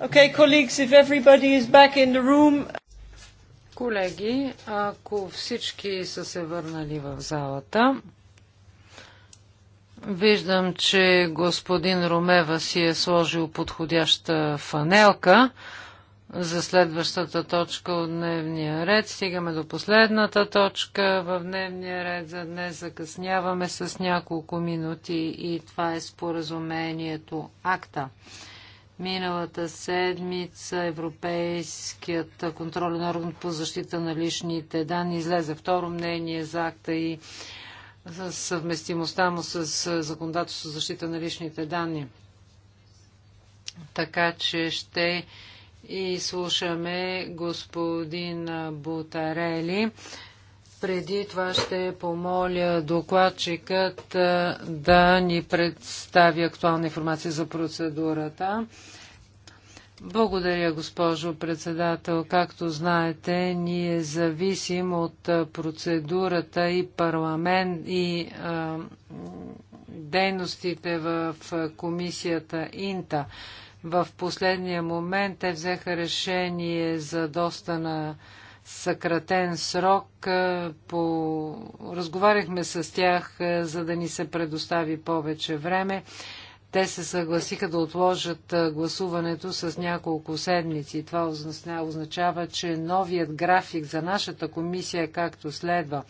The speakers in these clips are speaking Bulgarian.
Okay, colleagues, if everybody is back in the room... Колеги, ако всички са се върнали в залата, виждам, че господин Ромева си е сложил подходяща фанелка за следващата точка от дневния ред. Стигаме до последната точка в дневния ред за днес. Закъсняваме с няколко минути и това е споразумението АКТА. Миналата седмица Европейският контролен орган по защита на личните данни излезе второ мнение за акта и за съвместимостта му с законодателство за защита на личните данни. Така че ще и слушаме господин Бутарели преди това ще помоля докладчикът да ни представи актуална информация за процедурата. Благодаря, госпожо председател. Както знаете, ние зависим от процедурата и парламент и а, дейностите в комисията Инта. В последния момент те взеха решение за доста на съкратен срок. По... Разговаряхме с тях, за да ни се предостави повече време. Те се съгласиха да отложат гласуването с няколко седмици. Това означава, че новият график за нашата комисия е както следва.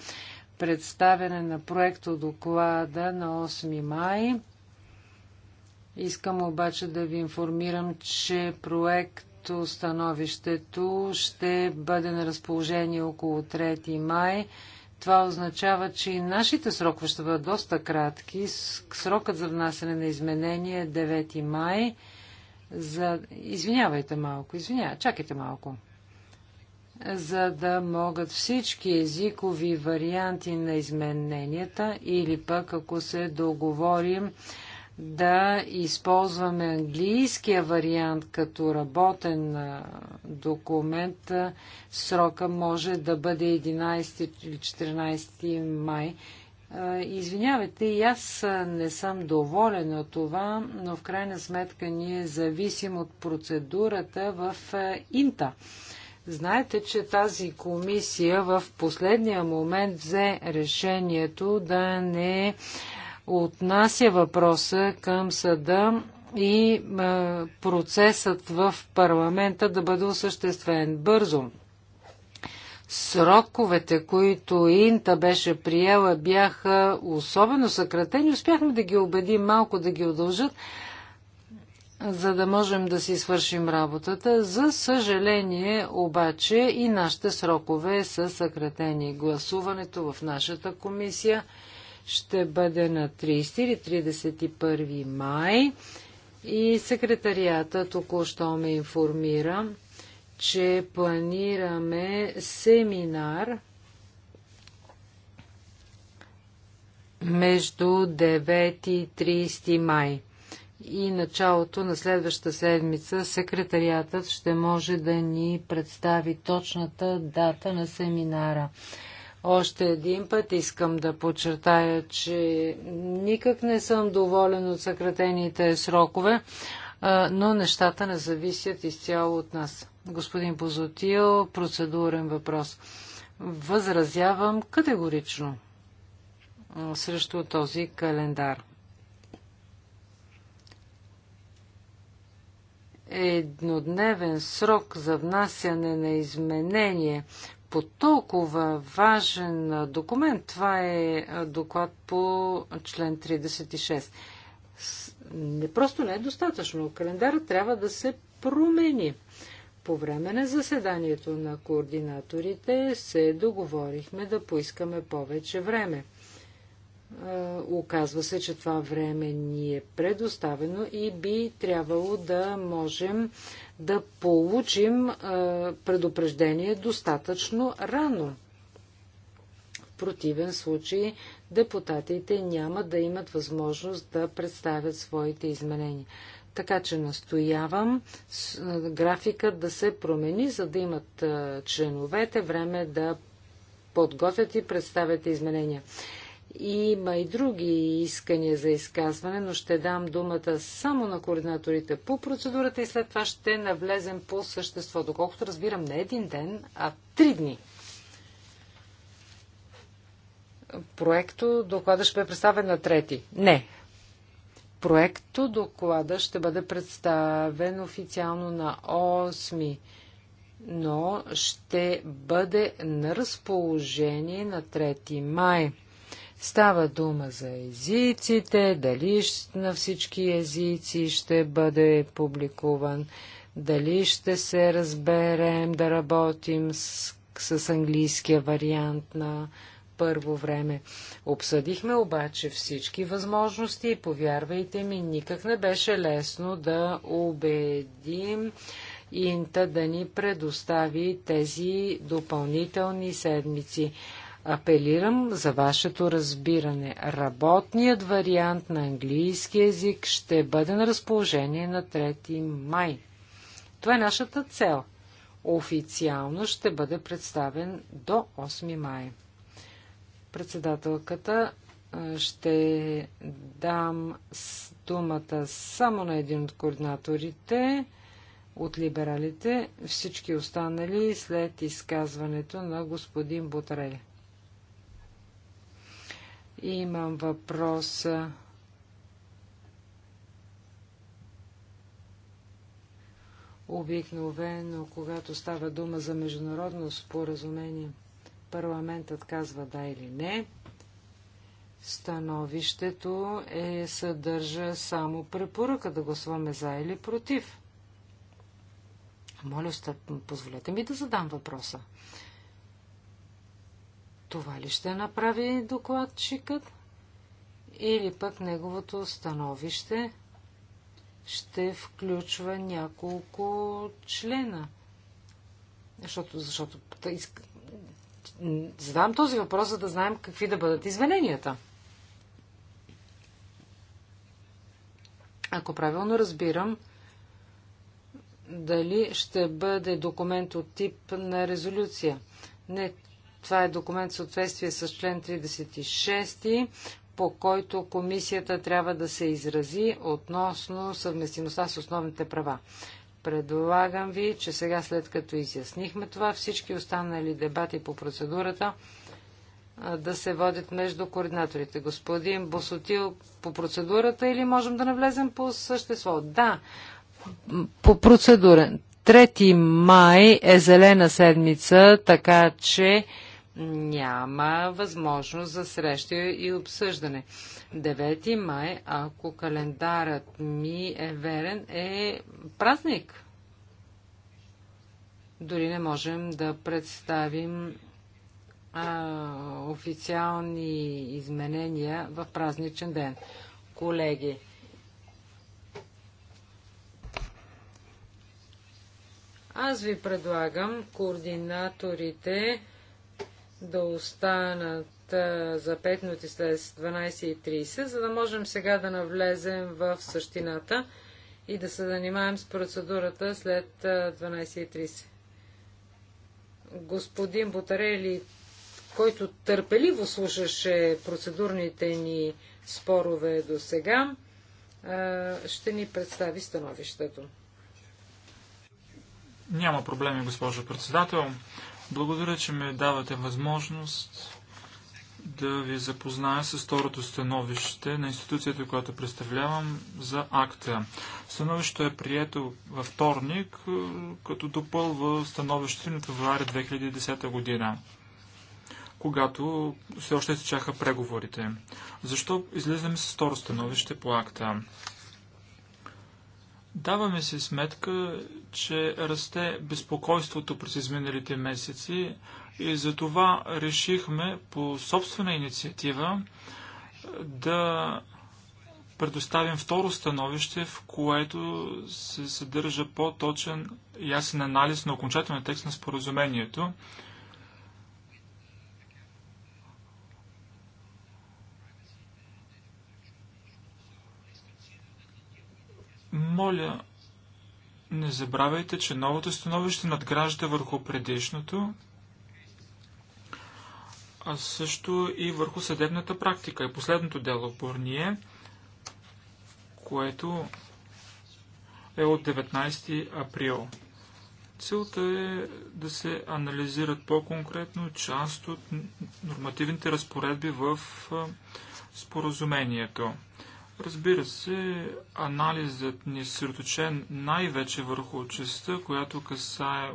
Представяне на проекто доклада на 8 май. Искам обаче да ви информирам, че проект проекто становището ще бъде на разположение около 3 май. Това означава, че и нашите срокове ще бъдат доста кратки. Срокът за внасяне на изменение е 9 май. За... Извинявайте малко, извиня, чакайте малко. За да могат всички езикови варианти на измененията или пък ако се договорим да използваме английския вариант като работен документ. Срока може да бъде 11 или 14 май. Извинявайте, и аз не съм доволен от това, но в крайна сметка ние зависим от процедурата в Инта. Знаете, че тази комисия в последния момент взе решението да не отнася въпроса към съда и процесът в парламента да бъде осъществен бързо. Сроковете, които Инта беше приела, бяха особено съкратени. Успяхме да ги убедим малко да ги удължат, за да можем да си свършим работата. За съжаление, обаче, и нашите срокове са съкратени. Гласуването в нашата комисия – ще бъде на 30 или 31 май. И секретарията току-що ме информира, че планираме семинар между 9 и 30 май. И началото на следващата седмица секретариатът ще може да ни представи точната дата на семинара. Още един път искам да подчертая, че никак не съм доволен от съкратените срокове, но нещата не зависят изцяло от нас. Господин Позотил, процедурен въпрос. Възразявам категорично срещу този календар. еднодневен срок за внасяне на изменение по толкова важен документ. Това е доклад по член 36. Не просто не е достатъчно. Календар трябва да се промени. По време на заседанието на координаторите се договорихме да поискаме повече време. Оказва се, че това време ни е предоставено и би трябвало да можем да получим е, предупреждение достатъчно рано. В противен случай депутатите няма да имат възможност да представят своите изменения. Така че настоявам е, графика да се промени, за да имат е, членовете време да подготвят и представят изменения. Има и други искания за изказване, но ще дам думата само на координаторите по процедурата и след това ще навлезем по същество. Доколкото разбирам, не един ден, а три дни. Проекто доклада ще бъде представен на трети. Не. Проекто доклада ще бъде представен официално на 8 но ще бъде на разположение на 3 май. Става дума за езиците, дали на всички езици ще бъде публикуван, дали ще се разберем да работим с, с английския вариант на първо време. Обсъдихме обаче всички възможности и повярвайте ми, никак не беше лесно да убедим Инта да ни предостави тези допълнителни седмици. Апелирам за вашето разбиране. Работният вариант на английски язик ще бъде на разположение на 3 май. Това е нашата цел. Официално ще бъде представен до 8 май. Председателката ще дам думата само на един от координаторите от либералите, всички останали след изказването на господин Бутарели. Имам въпрос. Обикновено, когато става дума за международно споразумение, парламентът казва да или не. Становището е, съдържа само препоръка да гласуваме за или против. Моля, позволете ми да задам въпроса. Това ли ще направи докладчикът? Или пък неговото становище ще включва няколко члена? Защото, защото задам този въпрос, за да знаем какви да бъдат извиненията. Ако правилно разбирам, дали ще бъде документ от тип на резолюция. Не, това е документ в съответствие с член 36, по който комисията трябва да се изрази относно съвместимостта с основните права. Предлагам ви, че сега след като изяснихме това, всички останали дебати по процедурата да се водят между координаторите. Господин Босотил, по процедурата или можем да навлезем по същество? Да, по процедура. 3 май е зелена седмица, така че няма възможност за среща и обсъждане. 9 май, ако календарът ми е верен, е празник. Дори не можем да представим а, официални изменения в празничен ден. Колеги, аз ви предлагам координаторите да останат за 5 минути след 12.30, за да можем сега да навлезем в същината и да се занимаем с процедурата след 12.30. Господин Бутарели, който търпеливо слушаше процедурните ни спорове до сега, ще ни представи становището. Няма проблеми, госпожо председател. Благодаря, че ми давате възможност да ви запозная с второто становище на институцията, която представлявам за акта. Становището е прието във вторник, е, като допълва становището на февруари 2010 година, когато все още се чаха преговорите. Защо излизаме с второ становище по акта? Даваме си сметка, че расте безпокойството през изминалите месеци и затова решихме по собствена инициатива да предоставим второ становище, в което се съдържа по-точен ясен анализ на окончателния текст на споразумението. Моля, не забравяйте, че новото становище надгражда върху предишното, а също и върху съдебната практика. И последното дело в Борние, което е от 19 април. Целта е да се анализират по-конкретно част от нормативните разпоредби в споразумението. Разбира се, анализът ни е съсредоточен най-вече върху частта, която касае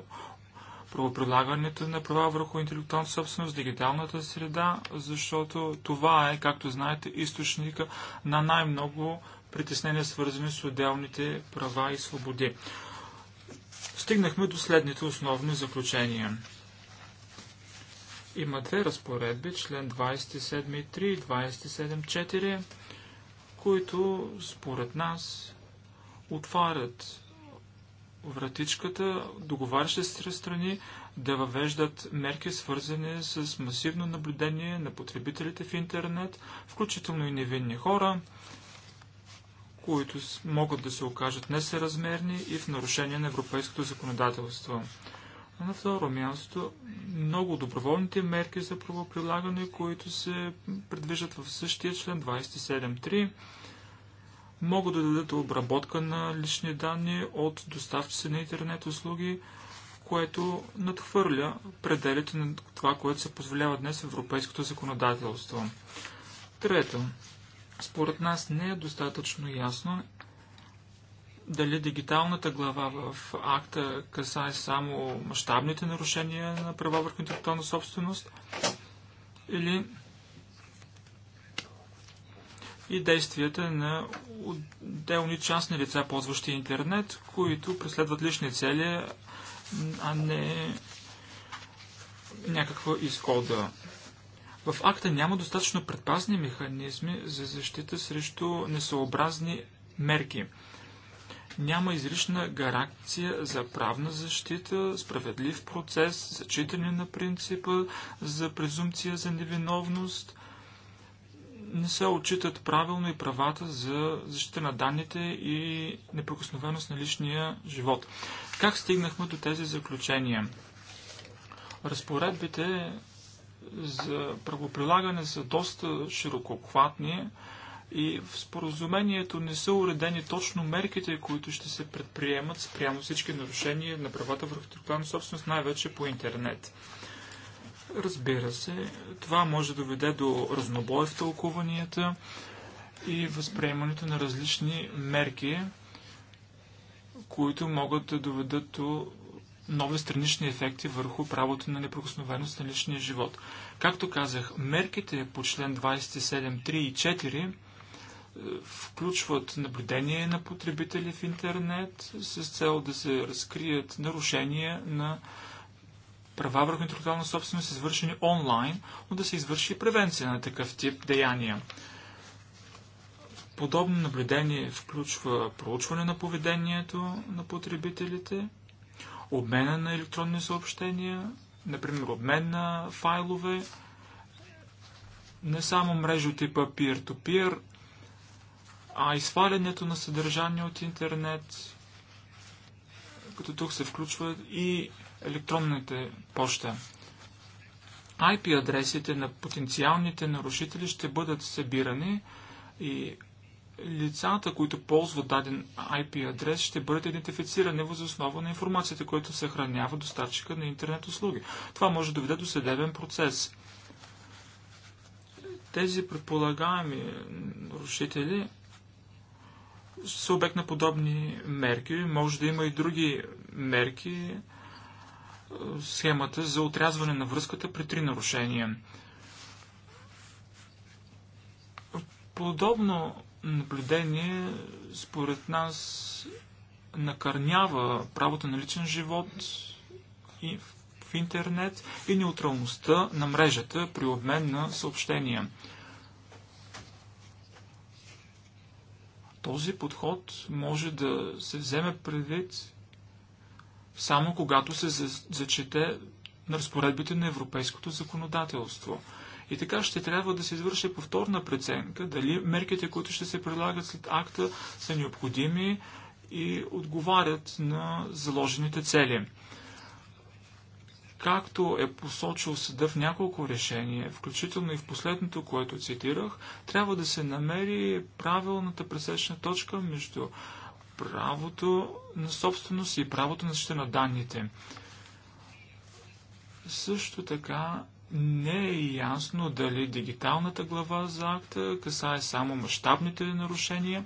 правоприлагането на права върху интелектуална собственост, дигиталната среда, защото това е, както знаете, източника на най-много притеснения, свързани с отделните права и свободи. Стигнахме до следните основни заключения. Има две разпоредби, член 27.3 и 27.4 които според нас отварят вратичката договарящите се страни да въвеждат мерки свързани с масивно наблюдение на потребителите в интернет, включително и невинни хора, които могат да се окажат несъразмерни и в нарушение на европейското законодателство. А на второ място, много доброволните мерки за правоприлагане, които се предвиждат в същия член 27.3, могат да дадат обработка на лични данни от доставчици на интернет услуги, което надхвърля пределите на това, което се позволява днес в европейското законодателство. Трето, според нас не е достатъчно ясно дали дигиталната глава в акта касае само мащабните нарушения на права върху интелектуална собственост или и действията на отделни частни лица, ползващи интернет, които преследват лични цели, а не някаква изхода. В акта няма достатъчно предпазни механизми за защита срещу несъобразни мерки няма изрична гаранция за правна защита, справедлив процес, зачитане на принципа за презумпция за невиновност. Не се отчитат правилно и правата за защита на данните и неприкосновеност на личния живот. Как стигнахме до тези заключения? Разпоредбите за правоприлагане са доста широкохватни. И в споразумението не са уредени точно мерките, които ще се предприемат спрямо всички нарушения на правата върху интелектуална собственост, най-вече по интернет. Разбира се, това може да доведе до разнобой в тълкуванията и възприемането на различни мерки, които могат да доведат до нови странични ефекти върху правото на неприкосновеност на личния живот. Както казах, мерките по член 27.3 и 4 включват наблюдение на потребители в интернет с цел да се разкрият нарушения на права върху интелектуална собственост, извършени онлайн, но да се извърши превенция на такъв тип деяния. Подобно наблюдение включва проучване на поведението на потребителите, обмена на електронни съобщения, например обмен на файлове, не само мрежи от типа peer-to-peer, -peer, а изфалянето на съдържание от интернет, като тук се включва и електронните почта. IP адресите на потенциалните нарушители ще бъдат събирани и лицата, които ползват даден IP адрес, ще бъдат идентифицирани въз основа на информацията, която съхранява доставчика на интернет услуги. Това може да доведе до съдебен процес. Тези предполагаеми нарушители са обект на подобни мерки. Може да има и други мерки. Схемата за отрязване на връзката при три нарушения. Подобно наблюдение, според нас, накърнява правото на личен живот и в интернет и неутралността на мрежата при обмен на съобщения. Този подход може да се вземе предвид само когато се зачете на разпоредбите на европейското законодателство. И така ще трябва да се извърши повторна преценка дали мерките, които ще се предлагат след акта, са необходими и отговарят на заложените цели. Както е посочил съда в няколко решения, включително и в последното, което цитирах, трябва да се намери правилната пресечна точка между правото на собственост и правото на защита на данните. Също така не е ясно дали дигиталната глава за акта касае само мащабните нарушения.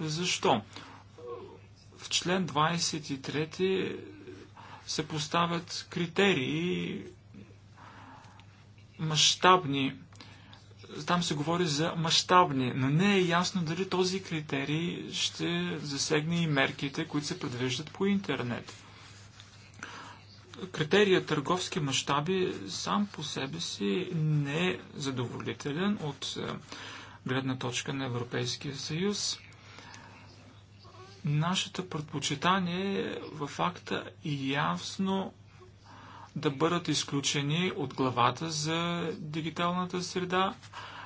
Защо? В член 23 се поставят критерии мащабни. Там се говори за мащабни, но не е ясно дали този критерий ще засегне и мерките, които се предвиждат по интернет. Критерия търговски мащаби сам по себе си не е задоволителен от е, гледна точка на Европейския съюз. Нашето предпочитание е в факта и ясно да бъдат изключени от главата за дигиталната среда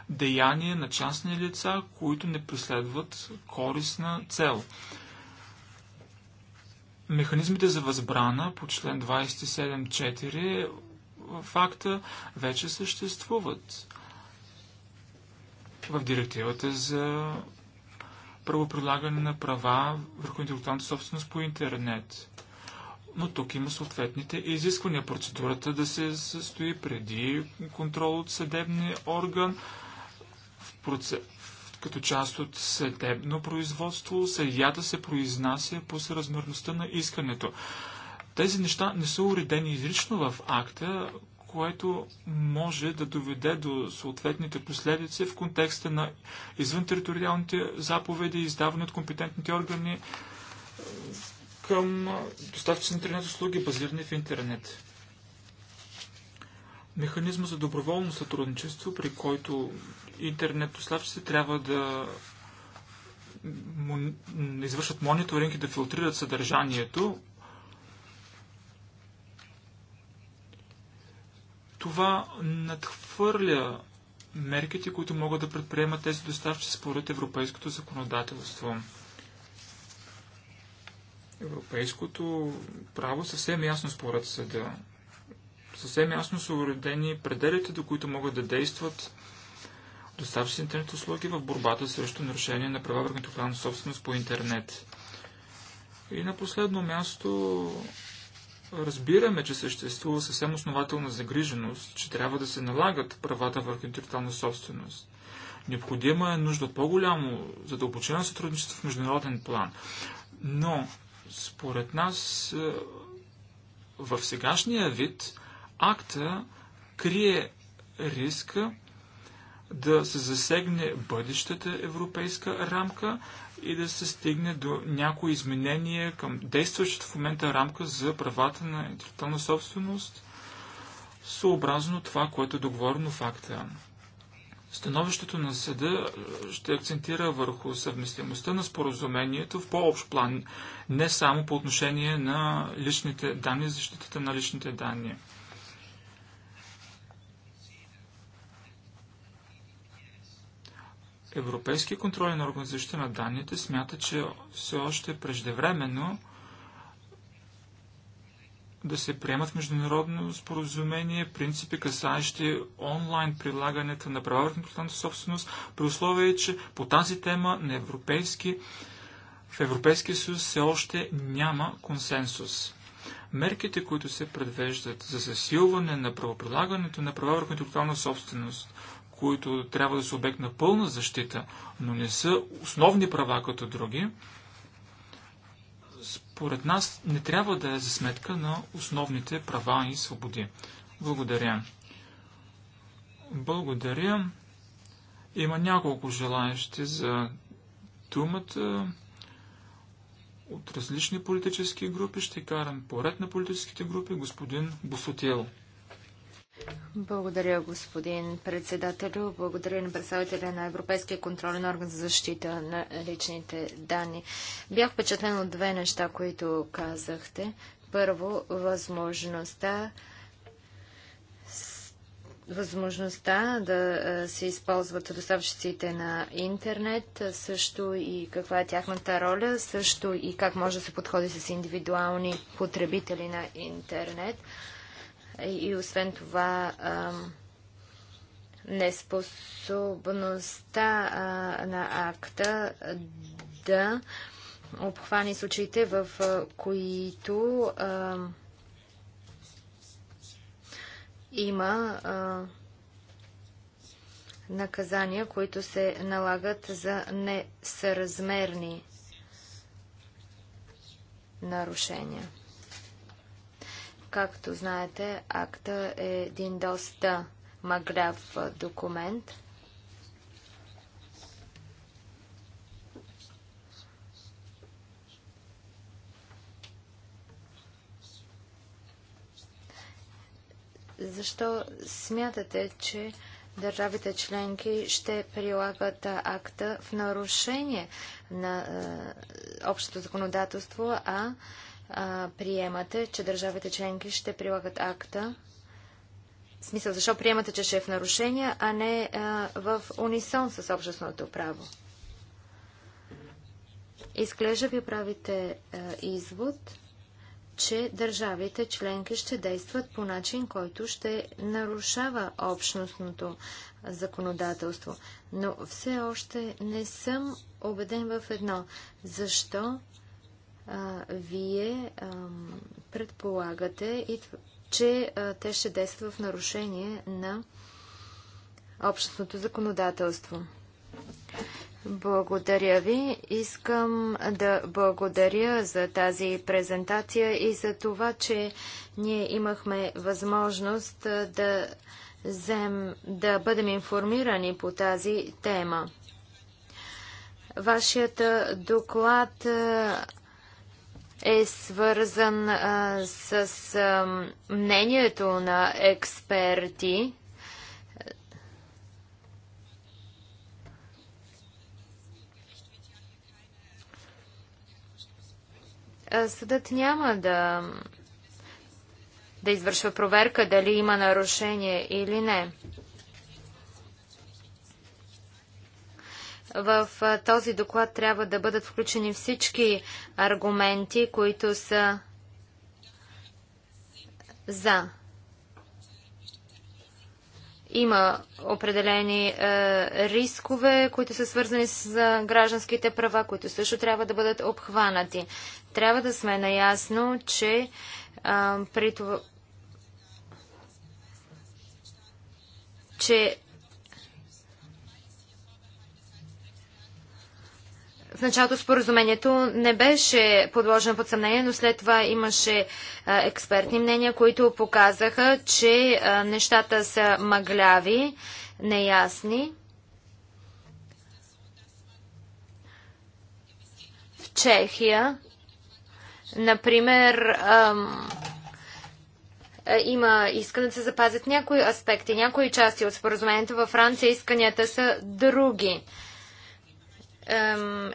деяния на частни лица, които не преследват корисна цел. Механизмите за възбрана по член 27.4 факта вече съществуват в директивата за първо предлагане на права върху интелектуалната собственост по интернет. Но тук има съответните изисквания. Процедурата да се състои преди контрол от съдебния орган, в като част от съдебно производство, съдията се произнася по съразмерността на искането. Тези неща не са уредени изрично в акта, което може да доведе до съответните последици в контекста на извънтериториалните заповеди, издавани от компетентните органи е, към е, доставчици на интернет услуги, базирани в интернет. Механизма за доброволно сътрудничество, при който интернет доставчиците трябва да извършат мониторинг и да филтрират съдържанието, Това надхвърля мерките, които могат да предприемат тези доставчици според европейското законодателство. Европейското право съвсем ясно според съда. Съвсем ясно са уредени пределите, до които могат да действат доставчици интернет услуги в борбата срещу нарушение на права върху собственост по интернет. И на последно място Разбираме, че съществува съвсем основателна загриженост, че трябва да се налагат правата върху интелектуална собственост. Необходима е нужда по-голямо задълбочено сътрудничество в международен план. Но, според нас, е, в сегашния вид, акта крие риска да се засегне бъдещата европейска рамка, и да се стигне до някои изменения към действащата в момента рамка за правата на интелектуална собственост, съобразно това, което е договорено факта. Становището на съда е, ще акцентира върху съвместимостта на споразумението в по-общ план, не само по отношение на личните данни, защитата на личните данни. Европейския контролен орган за защита на данните смята, че все още е преждевременно да се приемат международно споразумение, принципи, касаещи онлайн прилагането на права върху собственост, при условие, че по тази тема на европейски, в Европейския съюз все още няма консенсус. Мерките, които се предвеждат за засилване на правоприлагането на права върху интелектуална собственост, които трябва да са обект на пълна защита, но не са основни права като други, според нас не трябва да е за сметка на основните права и свободи. Благодаря. Благодаря. Има няколко желаящи за думата от различни политически групи. Ще карам поред на политическите групи господин Бусотел. Благодаря, господин председател. Благодаря на представителя на Европейския контролен орган за защита на личните данни. Бях впечатлен от две неща, които казахте. Първо, възможността възможността да се използват доставчиците на интернет, също и каква е тяхната роля, също и как може да се подходи с индивидуални потребители на интернет. И освен това, неспособността на акта да обхвани случаите, в които има наказания, които се налагат за несъразмерни нарушения. Както знаете, акта е един доста маграв документ. Защо смятате, че държавите членки ще прилагат акта в нарушение на е, общото законодателство, а приемате, че държавите членки ще прилагат акта? В смисъл, защо приемате, че ще е в нарушение, а не а, в унисон с общественото право? Изглежда ви правите а, извод, че държавите членки ще действат по начин, който ще нарушава общностното законодателство. Но все още не съм убеден в едно. Защо а, вие предполагате, и, че а, те ще действат в нарушение на общностното законодателство. Благодаря ви. Искам да благодаря за тази презентация и за това, че ние имахме възможност да, взем, да бъдем информирани по тази тема. Вашият доклад е свързан а, с а, мнението на експерти. Съдът няма да, да извършва проверка дали има нарушение или не. В този доклад трябва да бъдат включени всички аргументи, които са за. Има определени е, рискове, които са свързани с гражданските права, които също трябва да бъдат обхванати. Трябва да сме наясно, че е, при това, че В началото споразумението не беше подложено под съмнение, но след това имаше експертни мнения, които показаха, че нещата са мъгляви, неясни. В Чехия, например, има искане да се запазят някои аспекти, някои части от споразумението. Във Франция исканията са други.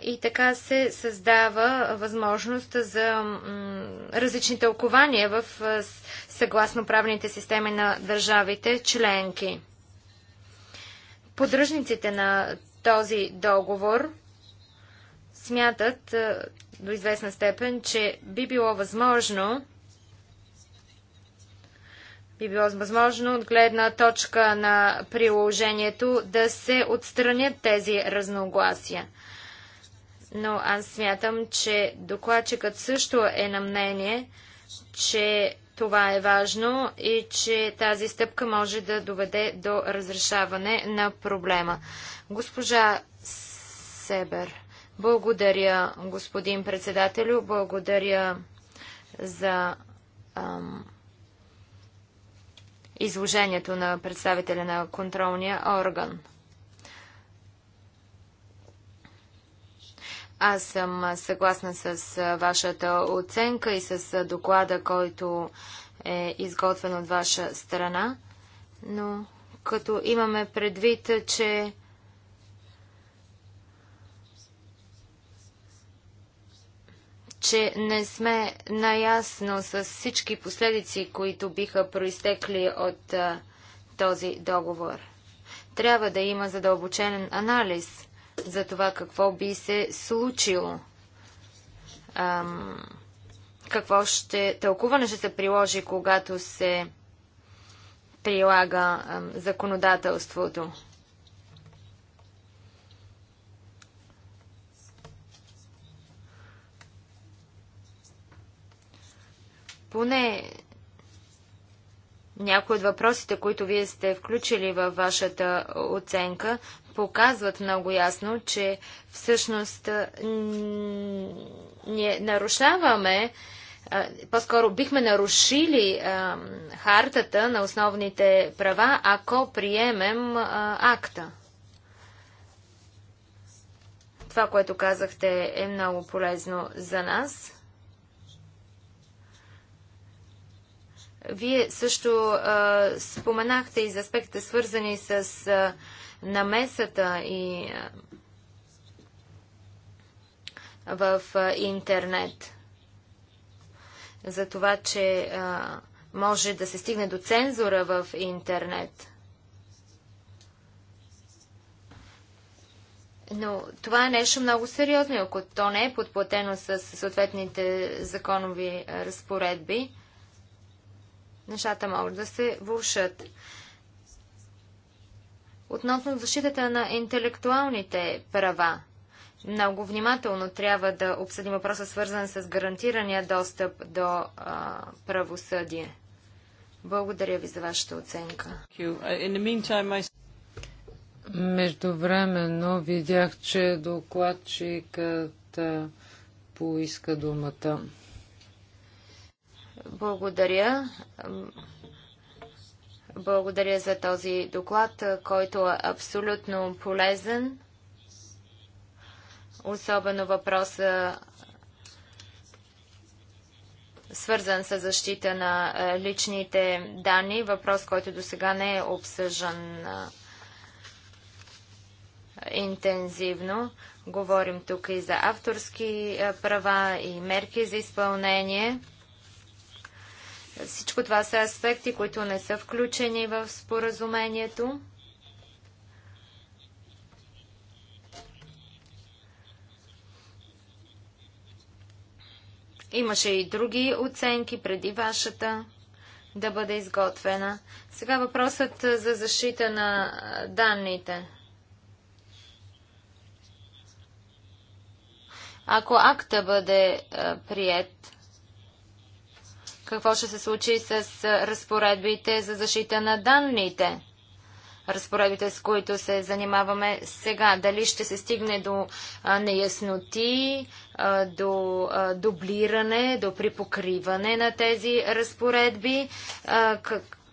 И така се създава възможност за различни тълкования в е, съгласно правните системи на държавите членки. Поддръжниците на този договор смятат е, до известна степен, че би било възможно би било възможно от гледна точка на приложението да се отстранят тези разногласия. Но аз смятам, че докладчикът също е на мнение, че това е важно и че тази стъпка може да доведе до разрешаване на проблема. Госпожа Себер, благодаря, господин председателю, благодаря за ам, изложението на представителя на контролния орган. Аз съм съгласна с вашата оценка и с доклада, който е изготвен от ваша страна, но като имаме предвид, че че не сме наясно с всички последици, които биха проистекли от а, този договор. Трябва да има задълбочен анализ за това какво би се случило. Ам, какво ще тълкуване ще се приложи, когато се прилага ам, законодателството. Поне някои от въпросите, които вие сте включили във вашата оценка, показват много ясно, че всъщност ние нарушаваме, по-скоро бихме нарушили хартата на основните права, ако приемем акта. Това, което казахте, е много полезно за нас. Вие също а, споменахте и за аспекта, свързани с а, намесата и а, в а, интернет. За това, че а, може да се стигне до цензура в интернет. Но това е нещо много сериозно, ако то не е подплатено с съответните законови разпоредби нещата могат да се влушат. Относно защитата на интелектуалните права, много внимателно трябва да обсъдим въпроса, свързан с гарантирания достъп до а, правосъдие. Благодаря ви за вашата оценка. Uh, Междувременно видях, че докладчикът поиска думата. Благодаря. Благодаря за този доклад, който е абсолютно полезен. Особено въпроса свързан с защита на е, личните данни, въпрос, който до сега не е обсъждан е, интензивно. Говорим тук и за авторски е, права и мерки за изпълнение. Всичко това са аспекти, които не са включени в споразумението. Имаше и други оценки преди вашата да бъде изготвена. Сега въпросът за защита на данните. Ако акта бъде прият, какво ще се случи с разпоредбите за защита на данните? разпоредбите, с които се занимаваме сега. Дали ще се стигне до неясноти, до дублиране, до припокриване на тези разпоредби,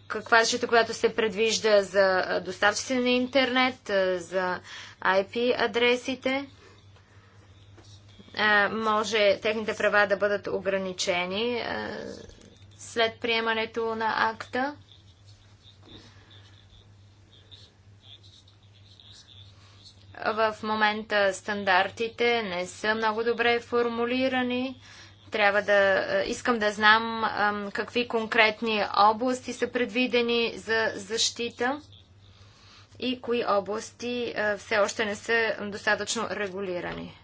каква е защита, която се предвижда за доставчици на интернет, за IP адресите. Може техните права да бъдат ограничени след приемането на акта. В момента стандартите не са много добре формулирани. Трябва да е, искам да знам какви конкретни области са предвидени за защита и кои области е, все още не са достатъчно регулирани.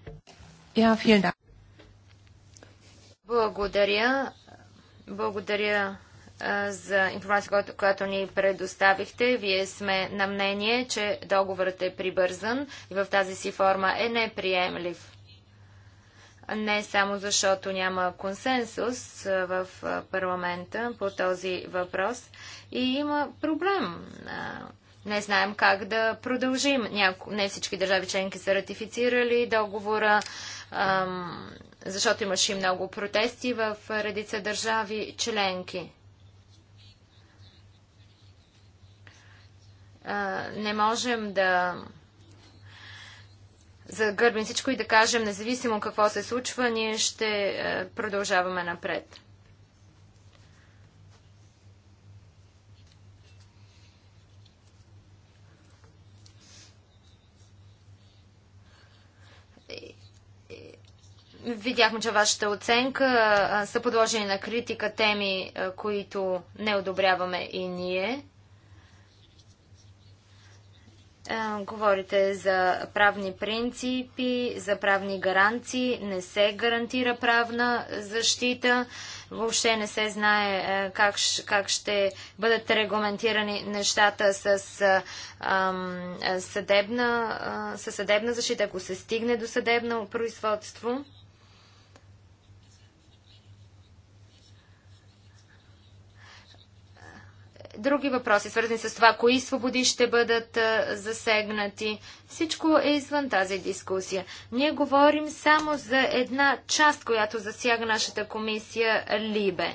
Благодаря. Благодаря за информация, която, ни предоставихте. Вие сме на мнение, че договорът е прибързан и в тази си форма е неприемлив. Не само защото няма консенсус в парламента по този въпрос и има проблем. Не знаем как да продължим. Не всички държави членки са ратифицирали договора защото имаше и много протести в редица държави членки. Не можем да загърбим всичко и да кажем, независимо какво се случва, ние ще продължаваме напред. Видяхме, че вашата оценка а, са подложени на критика теми, а, които не одобряваме и ние. А, говорите за правни принципи, за правни гаранции. Не се гарантира правна защита. Въобще не се знае как, как ще бъдат регламентирани нещата с съдебна, с съдебна защита, ако се стигне до съдебно производство. други въпроси, свързани с това, кои свободи ще бъдат засегнати. Всичко е извън тази дискусия. Ние говорим само за една част, която засяга нашата комисия Либе.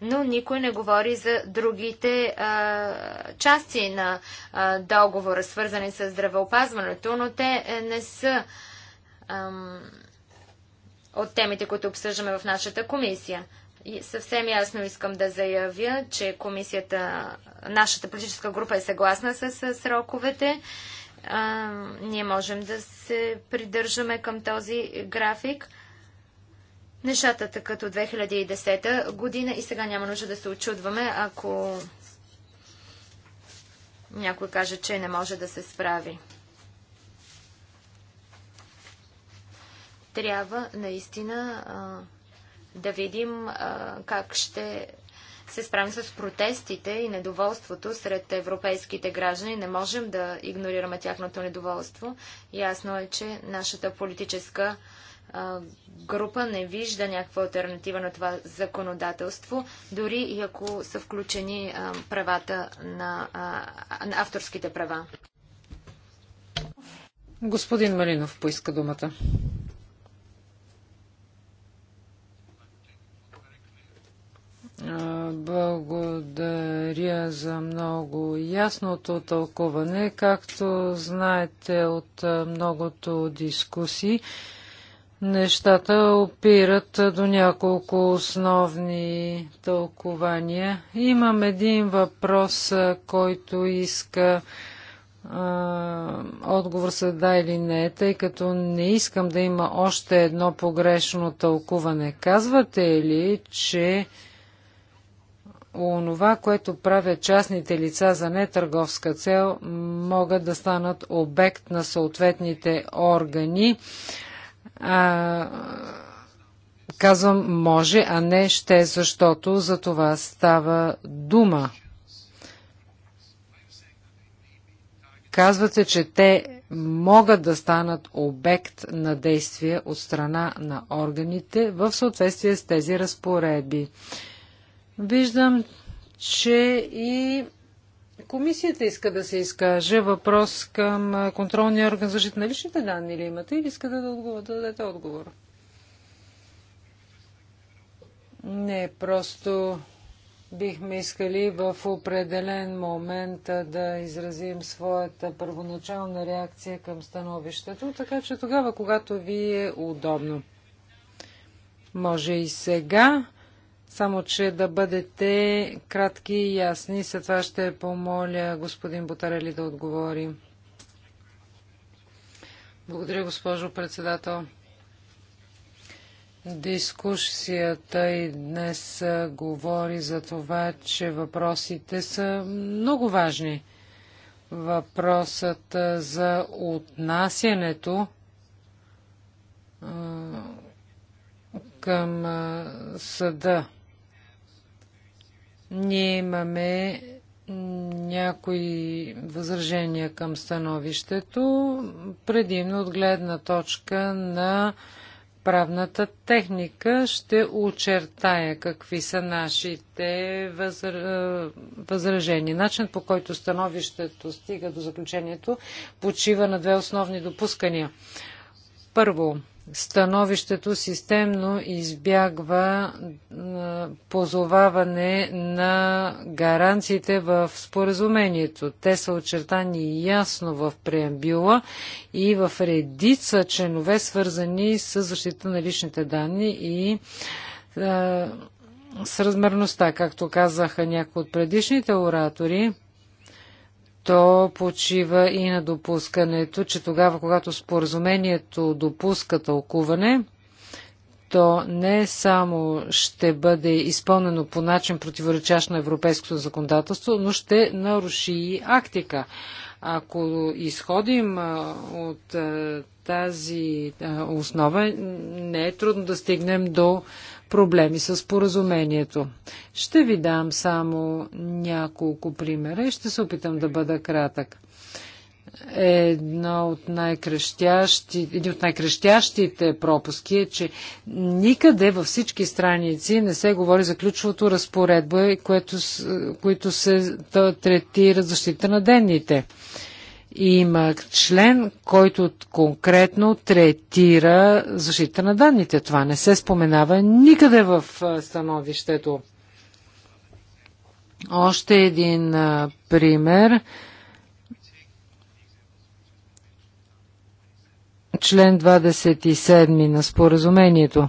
Но никой не говори за другите а, части на а, договора, свързани с здравеопазването, но те е, не са ам, от темите, които обсъждаме в нашата комисия. И съвсем ясно искам да заявя, че комисията, нашата политическа група е съгласна с, с сроковете. А, ние можем да се придържаме към този график. Нещата като 2010 година и сега няма нужда да се очудваме, ако някой каже, че не може да се справи. Трябва наистина а, да видим а, как ще се справим с протестите и недоволството сред европейските граждани. Не можем да игнорираме тяхното недоволство. Ясно е, че нашата политическа а, група не вижда някаква альтернатива на това законодателство, дори и ако са включени а, правата на, на авторските права. Господин Малинов поиска думата. Благодаря за много ясното тълкуване. Както знаете от многото дискусии, нещата опират до няколко основни тълкования. Имам един въпрос, който иска отговор са да или не, тъй като не искам да има още едно погрешно тълкуване. Казвате ли, че онова, което правят частните лица за нетърговска цел, могат да станат обект на съответните органи. А, казвам може, а не ще, защото за това става дума. Казвате, че те могат да станат обект на действие от страна на органите в съответствие с тези разпоредби. Виждам, че и комисията иска да се изкаже. Въпрос към контролния орган за защита на личните данни ли имате или искате да, отговор, да дадете отговор? Не, просто бихме искали в определен момент да изразим своята първоначална реакция към становището, така че тогава, когато ви е удобно. Може и сега. Само, че да бъдете кратки и ясни. След това ще помоля господин Бутарели да отговори. Благодаря, госпожо председател. Дискусията и днес говори за това, че въпросите са много важни. Въпросът за отнасянето към съда ние имаме някои възражения към становището, предимно от гледна точка на правната техника. Ще очертая какви са нашите възр... възражения. Начинът по който становището стига до заключението почива на две основни допускания. Първо, Становището системно избягва позоваване на гаранциите в споразумението. Те са очертани ясно в преамбюла и в редица членове, свързани с защита на личните данни и с размерността, както казаха някои от предишните оратори то почива и на допускането, че тогава, когато споразумението допуска тълкуване, то не само ще бъде изпълнено по начин противоречащ на европейското законодателство, но ще наруши и актика. Ако изходим от тази основа не е трудно да стигнем до проблеми с поразумението. Ще ви дам само няколко примера и ще се опитам да бъда кратък. Едно от най един от най-крещящите пропуски е, че никъде във всички страници не се говори за ключовото разпоредба, което, които се третира защита на денните има член, който конкретно третира защита на данните. Това не се споменава никъде в становището. Още един пример. Член 27 на споразумението.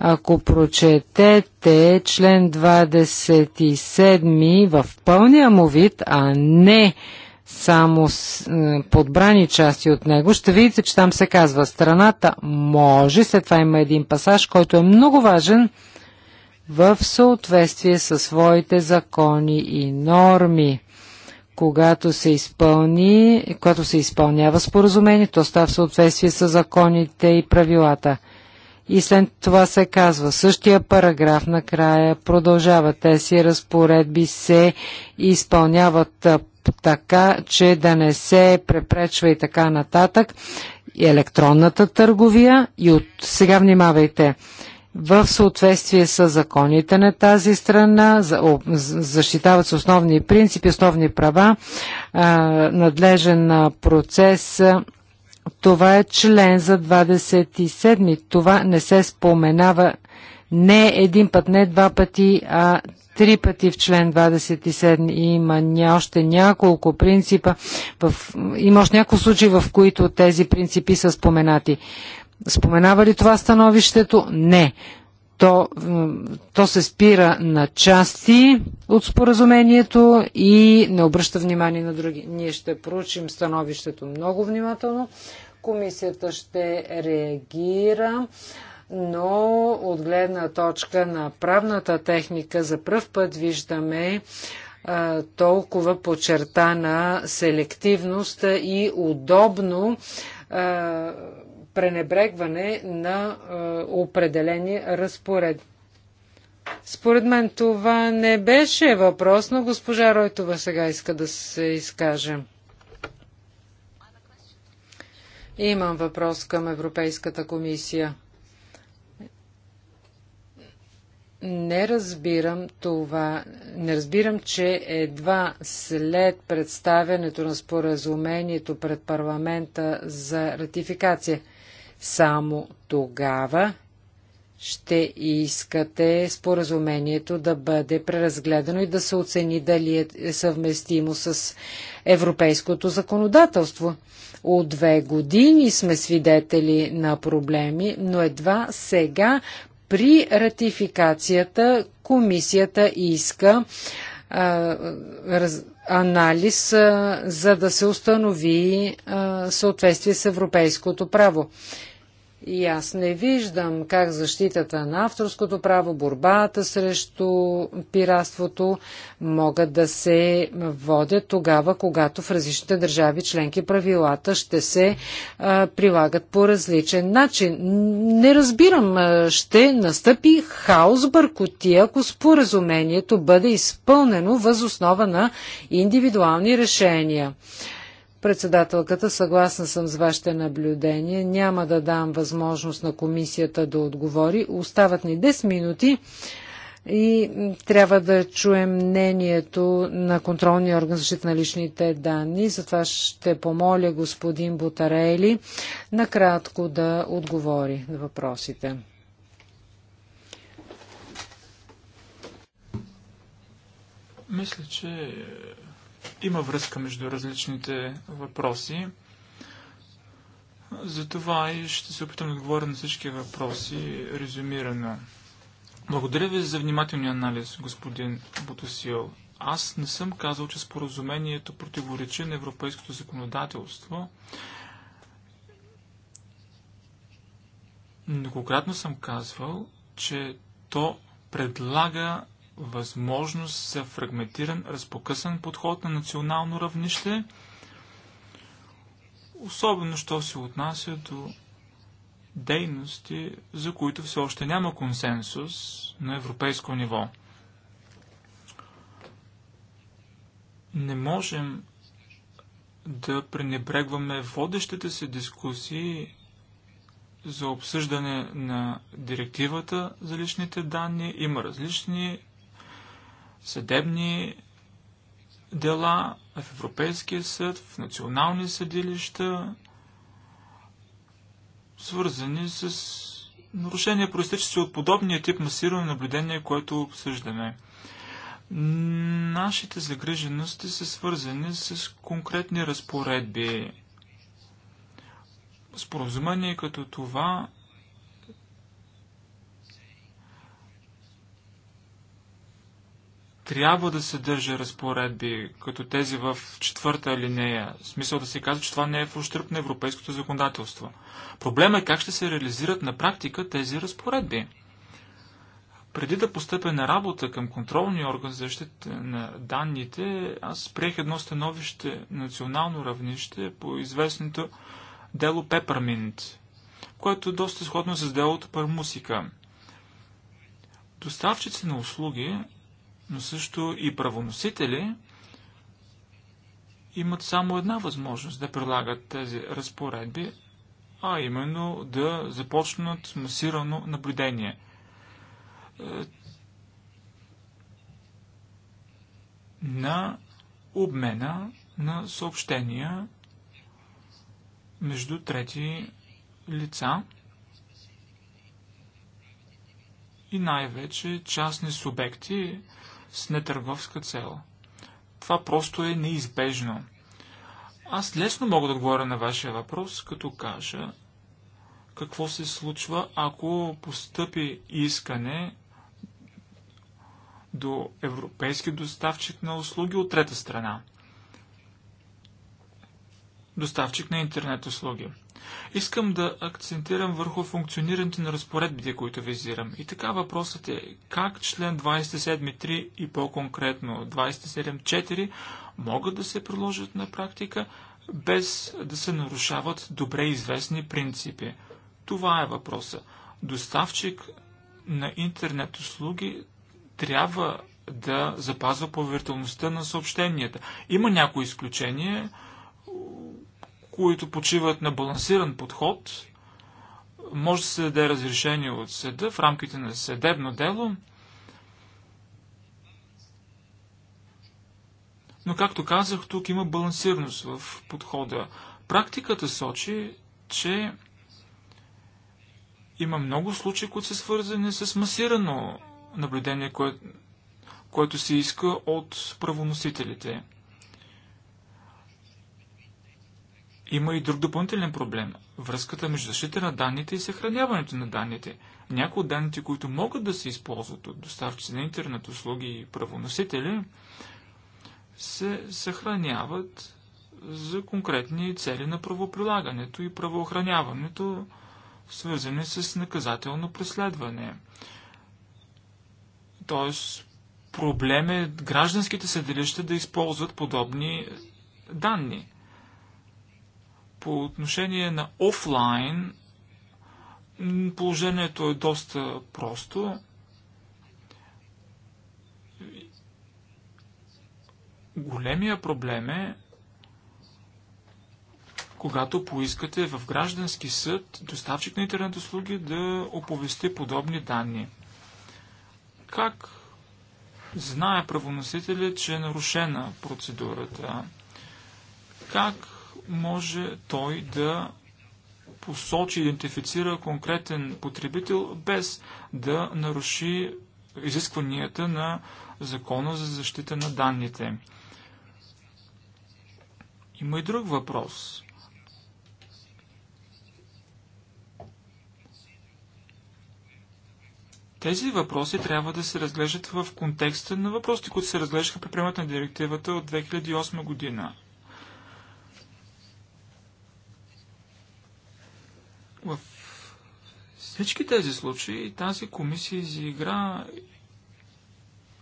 Ако прочетете член 27 в пълния му вид, а не само с подбрани части от него, ще видите, че там се казва страната може, след това има един пасаж, който е много важен в съответствие със своите закони и норми. Когато се, изпълни, когато се изпълнява споразумение, то става в съответствие с законите и правилата. И след това се казва, същия параграф накрая продължава. Те си разпоредби се изпълняват така че да не се препречва и така нататък и електронната търговия и от сега внимавайте в съответствие с законите на тази страна, защитават се основни принципи, основни права, надлежен процес. Това е член за 27. Това не се споменава не един път, не два пъти, а три пъти в член 27 има ня, още няколко принципа. В, има още няколко случаи, в които тези принципи са споменати. Споменава ли това становището? Не. То, то се спира на части от споразумението и не обръща внимание на други. Ние ще проучим становището много внимателно. Комисията ще реагира но от гледна точка на правната техника за пръв път виждаме толкова подчертана селективност и удобно пренебрегване на определени разпоред. Според мен това не беше въпрос, но госпожа Ройтова сега иска да се изкаже. Имам въпрос към Европейската комисия. не разбирам това. Не разбирам, че едва след представянето на споразумението пред парламента за ратификация, само тогава ще искате споразумението да бъде преразгледано и да се оцени дали е съвместимо с европейското законодателство. От две години сме свидетели на проблеми, но едва сега при ратификацията комисията иска анализ, за да се установи съответствие с европейското право. И аз не виждам как защитата на авторското право, борбата срещу пиратството могат да се водят тогава, когато в различните държави членки правилата ще се а, прилагат по различен начин. Не разбирам, ще настъпи хаос бъркотия, ако споразумението бъде изпълнено възоснова на индивидуални решения. Председателката, съгласна съм с вашите наблюдения. Няма да дам възможност на комисията да отговори. Остават ни 10 минути и трябва да чуем мнението на контролния орган за защита на личните данни. Затова ще помоля господин Бутарели накратко да отговори на въпросите. Мисля, че има връзка между различните въпроси. Затова и ще се опитам да отговоря на всички въпроси резюмирано. Благодаря ви за внимателния анализ, господин Бутусил. Аз не съм казал, че споразумението противоречи на европейското законодателство. Многократно съм казвал, че то предлага възможност за фрагментиран, разпокъсан подход на национално равнище, особено що се отнася до дейности, за които все още няма консенсус на европейско ниво. Не можем да пренебрегваме водещите се дискусии за обсъждане на директивата за личните данни. Има различни съдебни дела в Европейския съд, в национални съдилища, свързани с нарушения, проистичащи от подобния тип масирано наблюдение, което обсъждаме. Нашите загрижености са свързани с конкретни разпоредби. Споразумение като това трябва да се държа разпоредби, като тези в четвърта линея, в смисъл да се казва, че това не е в ущърп на европейското законодателство. Проблема е как ще се реализират на практика тези разпоредби. Преди да постъпя на работа към контролния орган за защита на данните, аз приех едно становище национално равнище по известното дело Пепърминт, което е доста сходно с делото Пармусика. Доставчици на услуги но също и правоносители имат само една възможност да прилагат тези разпоредби, а именно да започнат масирано наблюдение. Е, на обмена на съобщения между трети лица и най-вече частни субекти, с нетърговска цел. Това просто е неизбежно. Аз лесно мога да отговоря на вашия въпрос, като кажа какво се случва, ако постъпи искане до европейски доставчик на услуги от трета страна. Доставчик на интернет услуги. Искам да акцентирам върху функционирането на разпоредбите, които визирам. И така въпросът е как член 27.3 и по-конкретно 27.4 могат да се приложат на практика без да се нарушават добре известни принципи. Това е въпроса. Доставчик на интернет услуги трябва да запазва поверителността на съобщенията. Има някои изключения, които почиват на балансиран подход, може да се даде разрешение от съда в рамките на съдебно дело, но както казах, тук има балансираност в подхода. Практиката сочи, че има много случаи, които са свързани с масирано наблюдение, което се иска от правоносителите. Има и друг допълнителен проблем – връзката между защита на данните и съхраняването на данните. Някои от данните, които могат да се използват от доставчици на интернет услуги и правоносители, се съхраняват за конкретни цели на правоприлагането и правоохраняването, свързани с наказателно преследване. Тоест, проблем е гражданските съдилища да използват подобни данни – по отношение на офлайн, положението е доста просто. Големия проблем е, когато поискате в граждански съд доставчик на интернет услуги да оповести подобни данни. Как знае правоносителя, че е нарушена процедурата? Как може той да посочи, идентифицира конкретен потребител, без да наруши изискванията на Закона за защита на данните. Има и друг въпрос. Тези въпроси трябва да се разглеждат в контекста на въпросите, които се разглеждаха при приемането на директивата от 2008 година. В всички тези случаи тази комисия изигра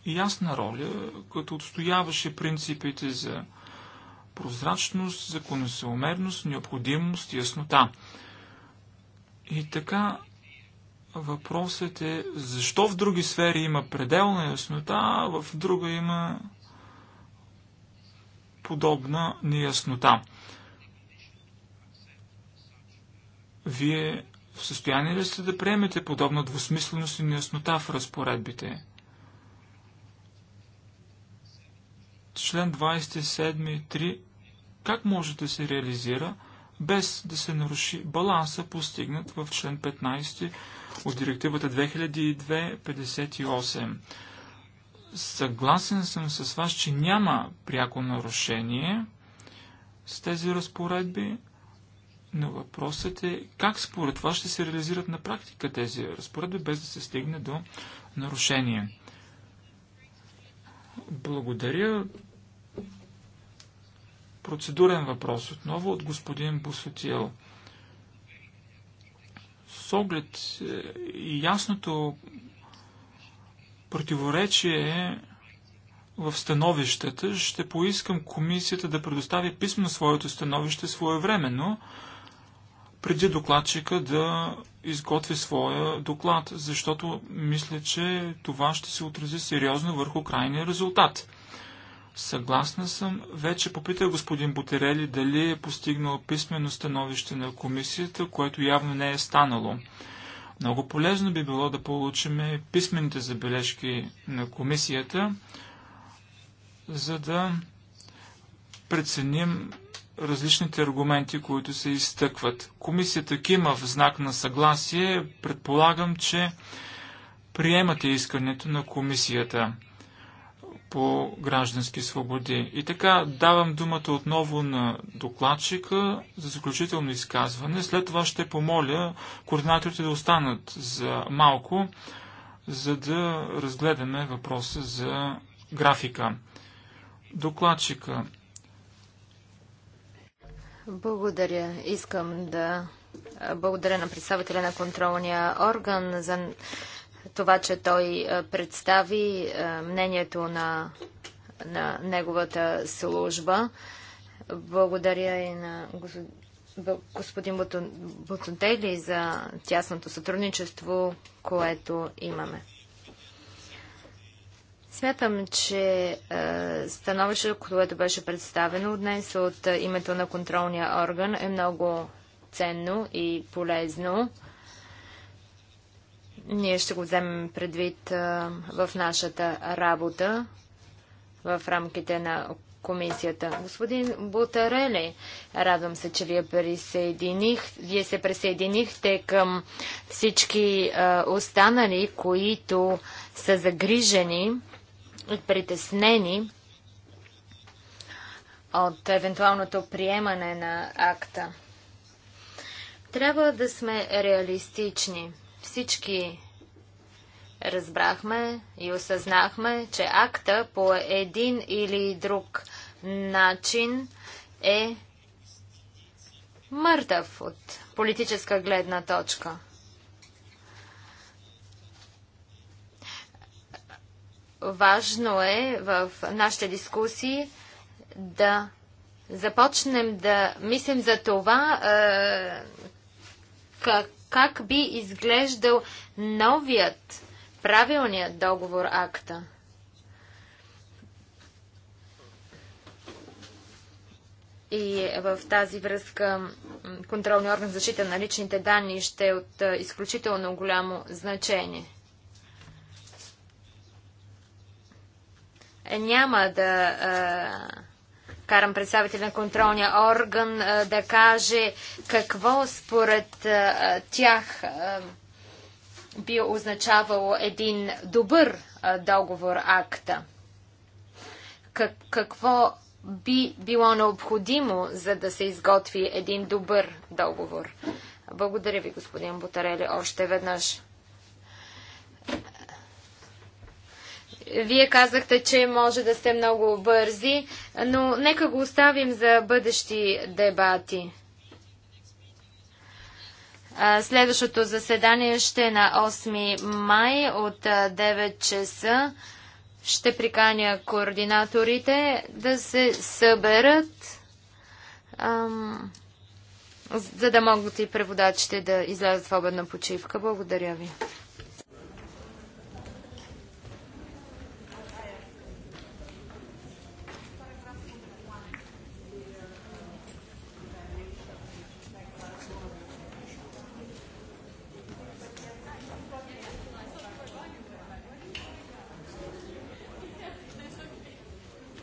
ясна роля, като отстояваше принципите за прозрачност, законосъумерност, необходимост, яснота. И така въпросът е защо в други сфери има пределна яснота, а в друга има подобна неяснота. Вие в състояние ли сте да приемете подобна двусмисленост и неяснота в разпоредбите? Член 27.3 как може да се реализира, без да се наруши баланса, постигнат в член 15 от директивата 2002-58. Съгласен съм с вас, че няма пряко нарушение с тези разпоредби, но въпросът е как според вас ще се реализират на практика тези разпоредби, без да се стигне до нарушение. Благодаря. Процедурен въпрос отново от господин Бусотил. С оглед е, и ясното противоречие в становищата, ще поискам комисията да предостави писмено своето становище своевременно, преди докладчика да изготви своя доклад, защото мисля, че това ще се отрази сериозно върху крайния резултат. Съгласна съм. Вече попитах господин Бутерели дали е постигнал писмено становище на комисията, което явно не е станало. Много полезно би било да получим писмените забележки на комисията, за да преценим различните аргументи, които се изтъкват. Комисията Кима в знак на съгласие. Предполагам, че приемате искането на комисията по граждански свободи. И така давам думата отново на докладчика за заключително изказване. След това ще помоля координаторите да останат за малко, за да разгледаме въпроса за графика. Докладчика, благодаря. Искам да благодаря на представителя на контролния орган за това, че той представи мнението на, на неговата служба. Благодаря и на господин Бутонтели за тясното сътрудничество, което имаме. Смятам, че е, становището, което беше представено днес от е, името на контролния орган е много ценно и полезно. Ние ще го вземем предвид е, в нашата работа в рамките на комисията. Господин Бутарели, радвам се, че вие, присъединих, вие се присъединихте към всички останали, които са загрижени притеснени от евентуалното приемане на акта. Трябва да сме реалистични. Всички разбрахме и осъзнахме, че акта по един или друг начин е мъртъв от политическа гледна точка. Важно е в нашите дискусии да започнем да мислим за това е, как, как би изглеждал новият правилният договор акта. И в тази връзка контролния орган за защита на личните данни ще е от е, изключително голямо значение. Няма да карам представител на контролния орган да каже какво според тях би означавал един добър договор акта. Какво би било необходимо, за да се изготви един добър договор? Благодаря ви, господин Бутарели, още веднъж. Вие казахте, че може да сте много бързи, но нека го оставим за бъдещи дебати. Следващото заседание ще е на 8 май от 9 часа. Ще приканя координаторите да се съберат, ам, за да могат и преводачите да излязат в обедна почивка. Благодаря ви.